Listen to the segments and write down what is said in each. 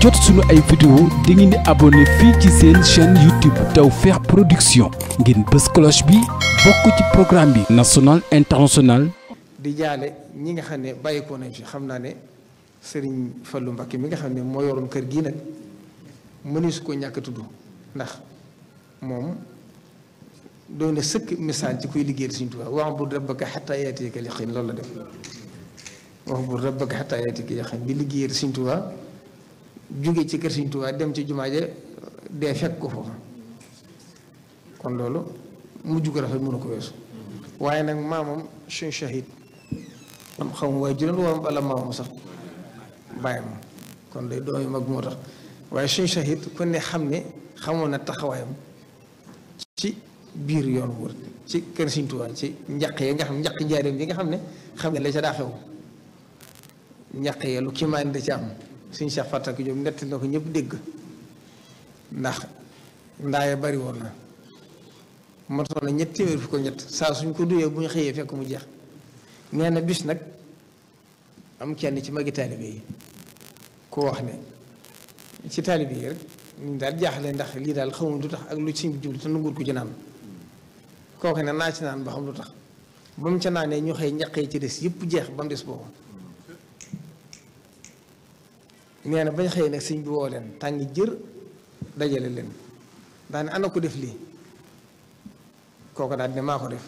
jot suñu ay vidéo da ngeen di abonné fii ci seen chaîne YouTube Tawfekh Production ngeen bës cloche bi bokk ci programme bi national international di jaale ñi nga xam ne bàyyi ko nañ fi xam naa ne Serigne Fallou Mbacké mi nga xam ne moo yoroon kër gii nag mënees ko ñàkk tudd ndax moom doon na sëkk misaal ci kuy liggéeyal Sëriñ wax wa'bud rabbaka hattaa ya'tiyakal yaqiin loolu la def wa'bud rabbaka hattaa ya'tiyakal yaqiin bi liggéeyal Sëriñ Tuubaa jóge ci kër Sëriñ Tuubaa dem ci jumaa ja dee fekk ko foofu kon loolu mujj ko rafet mënu ko weesu waaye nag maamam suñu shahid man xaw ma waaye juróom wala wala maamam sax bàyyi ma kon day doom mag moo tax waaye suñu shahid ku ne xam ne xamoon na taxawaayam ci biir yoon wër ci kër Sëriñ Tuubaa ci njaq yi nga xam njaq njaareem yi nga xam ne xam ne la ca daa xew njaq yi lu kiimaan da ci am suñ Cheikh Fatak Diop nett na ko ñëpp dégg ndax ndaaya bari woon na motoon na ñetti téeméer fu ko ñett saa suñ ko duyee bu ñu xëyee fekk mu jeex nee na bis nag am kenn ci magi taalibe yi koo wax ne ci taalibe yi rek ñu daal jaaxle ndax lii daal xamul du tax ak lu ci bi jublu te nanguur ko ci naan kooku ne naa ci naan ba xam lu tax ba mu ca naanee ñu xëy ñaqee ci des yëpp jeex ba mu des boobu nee bañ xëy nag sëñ bi woo leen tàngi jër dajale leen daan ne ana ko def lii kooku daal ne maa ko def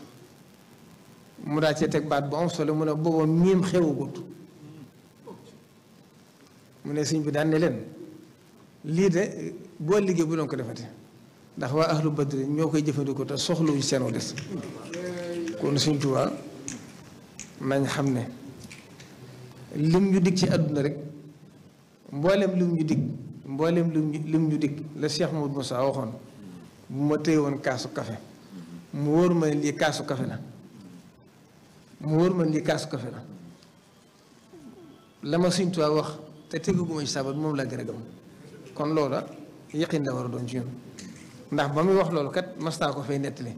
mu daa cee teg baat bu am solo mu ne booba miim xewagut mu ne sëñ bi daan ne leen lii de boo liggéey bu doon ko defate ndax waa ahlu badri ñoo koy jëfandikoo te soxlawuñ seen des kon Sëñ Tuubaa nañ xam ne lim ñu dig ci àdduna rek mboolem lim ñu dig mboolem lim ñu lim ñu dig la Cheikh Moudou Moussa waxoon bu ma téye woon kaasu kafe mu wóor ma lii kaasu kafe la mu wóor ma lii kaasu kafe la la ma Sëñ Tuubaa wax te tegaguma ci moom laa gën a kon loola yaqin la war a doon ci ñun ndax ba muy wax loolu kat mas naa ko fay nettale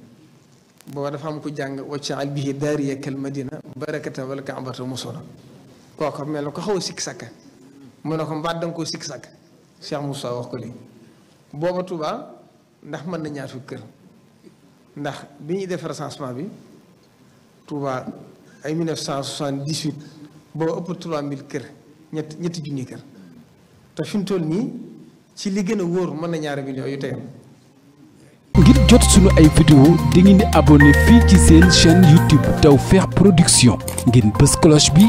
boo dafa am ko jàng waccaal bihi daariya kal madina barakata wala kaabata musola kooku mel na ko xaw a sikki mu ne ko mbaat da nga koo sikk sàkk Cheikh Moussa wax ko lii booba Touba ndax mën na ñaar fukki kër ndax bi ñuy def recensement bi Touba ay 1978 booba ëpp 3000 kër ñett ñetti junni kër te fi mu toll nii ci li gën a wóor mën na ñaari millions yu tey ngir jot suñu ay vidéo di ngeen di abonné fii ci seen chaîne YouTube Tawfekh Production ngeen bës cloche bi